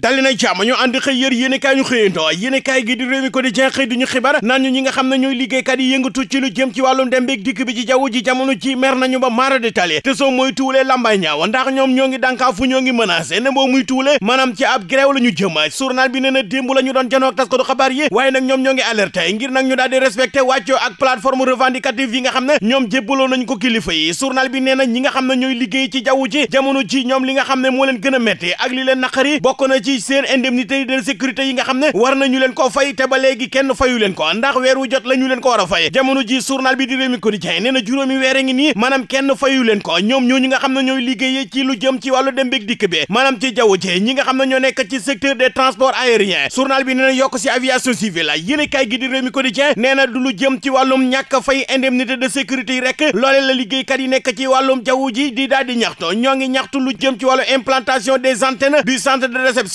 dali na jàmm ñu ànd xëy yër yéenekaay ñu xëyantoo yéenekaay gi di réew mi quotidien xëy di ñu xibaar naan ñi nga xam ne ñooy liggéeykat yi yëngatu ci lu jëm ci wàllum dem beeg dikk bi ci jaww ji jamono ji mer nañu ba maara de tali te soo mooy tuulee lambay ñaaw ndax ñoom ñoo ngi dànkaafu ñoo ngi menacé ne boo muy tuulee maanaam ci ab gréew la ñu jëma bi nee na démb la ñu doon janoo ak taskatu xabaar yi waaye nag ñoom ñoo ngi alerté ngir nag ne ñoom jébbaloo nañ ko kilifa yi journal bi nee na ñi nga xam ne ñooy liggéey ci jaww ji jamono ji ñoom li nga xam ne moo leen gën a metti ak li leen naqari bokk na ci seen indemnité de sécurité yi nga xam ne war nañu leen ko fay te ba léegi kenn fayu leen ko ndax weer wu jot la ñu leen ko war a fay jamono ji journal bi di Rewmi Quotidien nee na juróomi weer a ngi nii maanaam kenn fayu leen ko ñoom ñooñu nga xam ne ñooy liggéeyee ci lu jëm ci wàllu dem beeg dikk bi maanaam ci jaww ji ñi nga xam ne nekk ci secteur des transports aériens journal bi nee na yokk si aviation civile yéene kaay gi di Rewmi Quotidien rek loole la liggéeykat yi nekk ci wàllum jaww ji di daal di ñaxto ñoo ngi ñaxtu lu jëm ci wàllu implantation des antennes du centre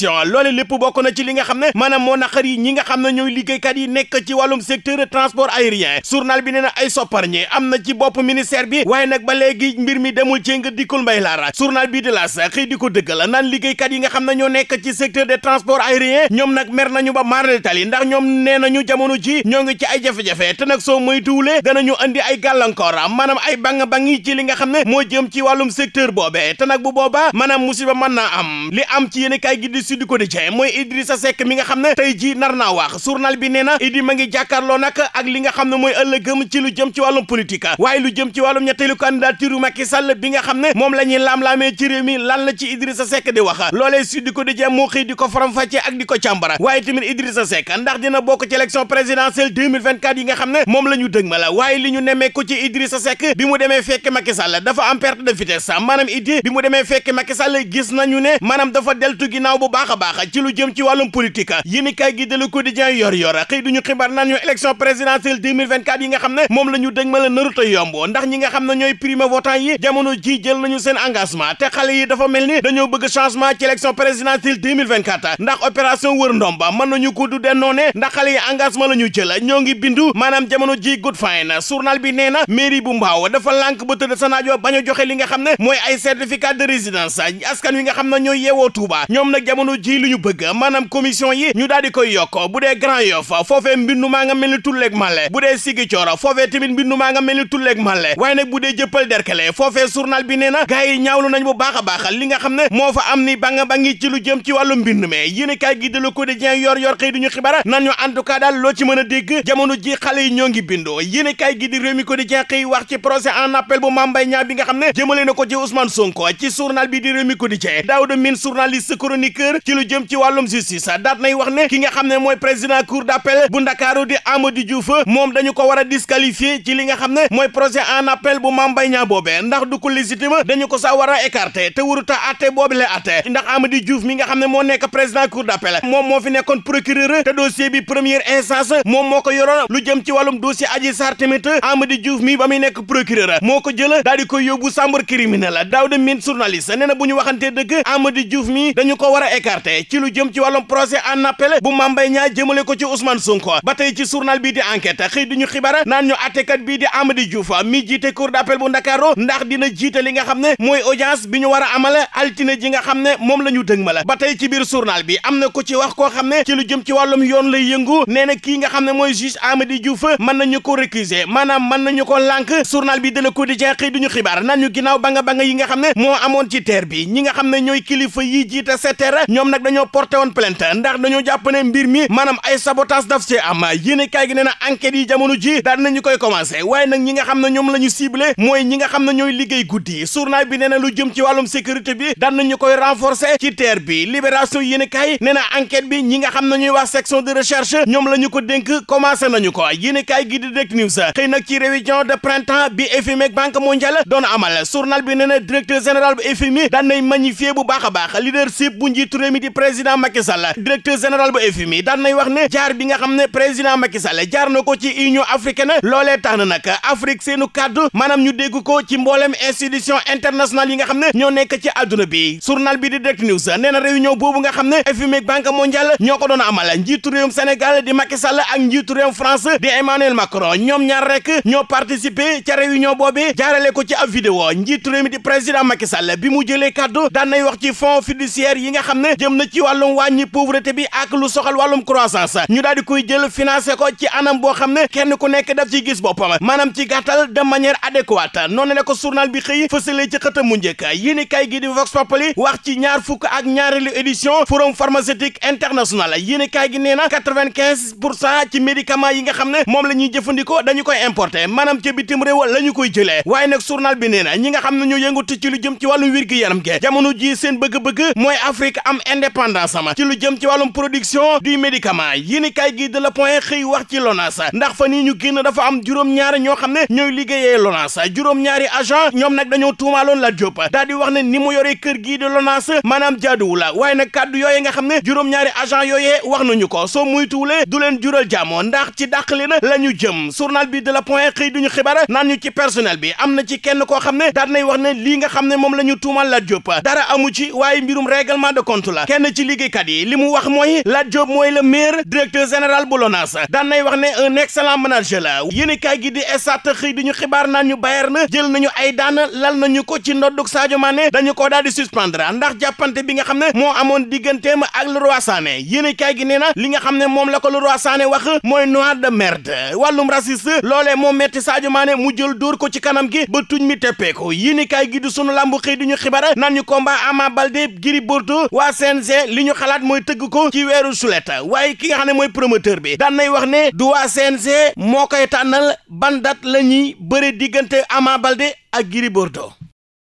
corruption loole lépp bokk na ci li nga xam ne maanaam moo naqar yi ñi nga xam ne ñooy liggéeykat yi nekk ci wàllum secteur transport aérien journal bi nee na ay sopparñe am na ci bopp ministère bi waaye nag ba léegi mbir mi demul ci nga dikkul mbay laara journal bi de la xëy di ko dëggal naan liggéeykat yi nga xam ne ñoo nekk ci secteur des transports aériens ñoom nag mer nañu ba maarale tali ndax ñoom nee nañu jamono ji ñoo ngi ci ay jafe-jafe te nag soo moytuwulee danañu andi ay gàllankoor maanaam ay bang-bang yi ci li nga xam ne moo jëm ci wàllum secteur boobee te nag bu boobaa maanaam musiba mën naa am li am ci yéen kaay gi di Sud Quotidien mooy Idrissa Seck mi nga xam ne tey ji nar naa wax journal bi nee na Idi ma ngi jàkkaarloo nag ak li nga xam ne mooy ëllëgëm ci lu jëm ci wàllum politique waaye lu jëm ci wàllum ñetteelu candidature Macky Sall bi nga xam ne moom la ñuy laam-laamee ci réew lan la ci Idrissa Seck di wax loolee Sud ko faram-fàccee ak di ko càmbara waaye tamit Idrissa Seck ndax dina bokk ci élection présidentielle 2024 yi nga ne moom la ñu dëg ma la waaye li ñu nemee ko ci Idrissa Seck bi mu demee fekk Macky Sall dafa am perte de vitesse maanaam Idi bi mu demee fekk Macky Sall gis nañu ne maanaam dafa deltu ginnaaw bu baax ci lu jëm ci wàllum politique yéen i kaay gi de Le Quotidien yor yor xëy duñu xibaar naan ñu élection présidentielle 2024 yi nga xam ne moom la ñu dëg ma la ndax ñi nga xam ne ñooy primo votant yi jamono ji jël nañu seen engagement te xale yi dafa mel ni dañoo bëgg changement ci élection présidentielle 2024 ndax opération wër ndomba mën nañu ko du den noone ndax xale yi engagement la ñu jël ñoo ngi bindu maanaam jamono jamono ji li ñu bëgg yi ñu daal di koy bu dee Grand Yoff foofee mbindu maa nga mel ni tulleeg male bu dee Sigicoor foofee tamit mbindu nga mel ni tulleeg male waaye nag bu dee jëppal derkale foofee journal bi nee na ñaawlu nañ bu baax a baax li nga xam ne moo fa am ni banga bangi ci jëm ci wàllu mbind me yéen kaay gi de Le yor yor xëy duñu nan ñu en tout ci mën a dégg jamono ji xale yi ñoo ngi bindoo yéen kaay gi di Rewmi Quotidien xëy wax ci procès en appel ko ci Ousmane ci lu jëm ci wàllum justice daat nay wax ne ki nga xam ne mooy président cour d'appel bu ndakaaru di Amadou Diouf moom dañu ko war a ci li nga xam ne mooy procès en appel bu Mame Mbaye Niang ndax du ko dañu ko sa war a écarter te wuruta atte boobu la atte ndax Amadou Diouf mi nga xam ne moo nekk président cour d'appel moom moo fi nekkoon procureur te dossier bi première instance moom moo ko yoroon lu jëm ci wàllum dossier Adji Sarr moo ko jël daal di koy écarté ci lu jëm ci wàllum procès en appel bu Mame Mbaye Niang ko ci a amal altine ji nga la ñu dëgmal ba tey ci biir bi na ko ci wax koo xam ne ci lu jëm ci wàllum yoon lay yëngu nee na kii nga xam ne mooy juge Amady Diouf mën nañu ko récuser maanaam na nañu ko lànk journal bi de Le Quotidien xëy duñu xibaar naan ñu ginnaaw banga banga yi nga xam ne moo amoon ci terre bi ñi nga xam ne ñooy kilifa yi jiite sa ñoom nag dañoo porté woon plainte ndax dañoo jàpp mbir mi maanaam ay sabotage daf see am yéene kaay gi nee na yi jamono ji daal nañu koy commencé waaye nag ñi nga xam ne la ñu ciblé mooy ñi nga xam ne ñooy liggéey guddi journal bi nee na lu jëm ci wàllum sécurité bi daan koy renforcer ci terre bi libération yéene kaay nee na enquête bi ñi nga xam nañu ñooy waa section de recherche ñoom la ñu ko denk commencé nañu ko yéene kaay gi di direct news xëy nag ci révision de printemps bi FMI ak banque mondiale doon amal journal bi nee na directeur général bu FMI daan nay magnifier bu baax a baax leadership bu njiitu réew mi di président Macky Sall directeur général bu FMI daan nay wax ne jaar bi nga xam ne président Macky Sall jaar na ko ci Union africaine loolee tax na nag Afrique seenu kàddu maanaam ñu dégg ko ci mbooleem institution internationale yi nga xam ne ñoo nekk ci àdduna bi journal bi di Direct News nee na réunion boobu nga xam ne FMI ak Banque mondiale ñoo ko doon amal njiitu réewum Sénégal di Macky Sall ak njiitu réewum France di Emmanuel Macron ñoom ñaar rek ñoo participer ca réunion boobe jaarale ko ci ab vidéo njiitu réew mi di président Macky Sall bi mu jëlee kàddu daan nay wax ci fonds fiduciaire yi nga ne jëm na ci wàllum wàññi pauvreté bi ak lu soxal wàllum croissance ñu daal koy jël financé ko ci anam boo xam ne kenn ku nekk daf ci gis boppam maanaam ci gàttal de manière adéquate noonu la ko journal bi xëy fësale ci xëtam mu njëkk yéen i kaay gi di Vox Populi wax ci ñaar fukk ak ñaareelu édition forum pharmaceutique international yéen i kaay gi nee na quatre-vingt-quinze pour cent ci médicaments yi nga xam ne moom la ñuy jëfandikoo dañu koy importé maanaam ca bitim réew la ñu koy jëlee waaye nag journal bi nee na ñi nga xam ne ñoo lu jëm ci wàllum wér-gi-yaram ge jamono ji am indépendance ci lu jëm ci wàllum production du médicament yéen kay gi de la point xëy wax ci LONASE ndax fa nii ñu génn dafa am juróom-ñaari ñoo xam ne ñooy liggéeyee LONASE juróom-ñaari agent ñoom nag dañoo tuumaaloon Lat Diop daal di wax ne ni mu yoree kër gii de LONASE maanaam jaaduwul la waaye nag kàddu yooyee nga xam ne juróom-ñaari agent yooyee wax nañu ko soo muy tuulee du leen jural jàmmoo ndax ci dàq leen la ñu jëm journal bi de la point xëy duñu xibaar naan ñu ci personnel bi am na ci kenn koo xam ne daal nay wax ne lii nga xam ne moom la ñu tuumaal Lat Diop dara amu ci waaye mbirum règlement de compte tontu la kenn ci liggéeykat yi li mu wax mooy la Diop mooy le meilleur directeur général bu LONAS daan nay wax ne un excellent manager la yéenekaay gi di Stades xëy di ñu xibaar naan ñu Bayern jël nañu ay daan lal nañu ko ci ndoddug Sadio Mané dañu ko daal di suspendre ndax jàppante bi nga xam ne moo la digganteem ak Leroy Sané yéenekaay gi nee na li nga xam ne moom la ko Leroy Sané wax mooy noir de merde lu raciste loolee moo metti Sadio Mané mu jël dóor ko ci kanam gi ba tuñ mi teppeeku yéenekaay gi di sunu làmbu xëy di ñu xibaar naan ñu combat Ama Baldé Gris Bordeaux waa CNG li ñu xalaat mooy tëgg ko ci weeru sulet waaye ki nga xam ne mooy promoteur bi daan nay wax ne du waa CNG moo koy tànnal ban date la ñuy bëre diggante Ama Baldé ak Gris Bordeaux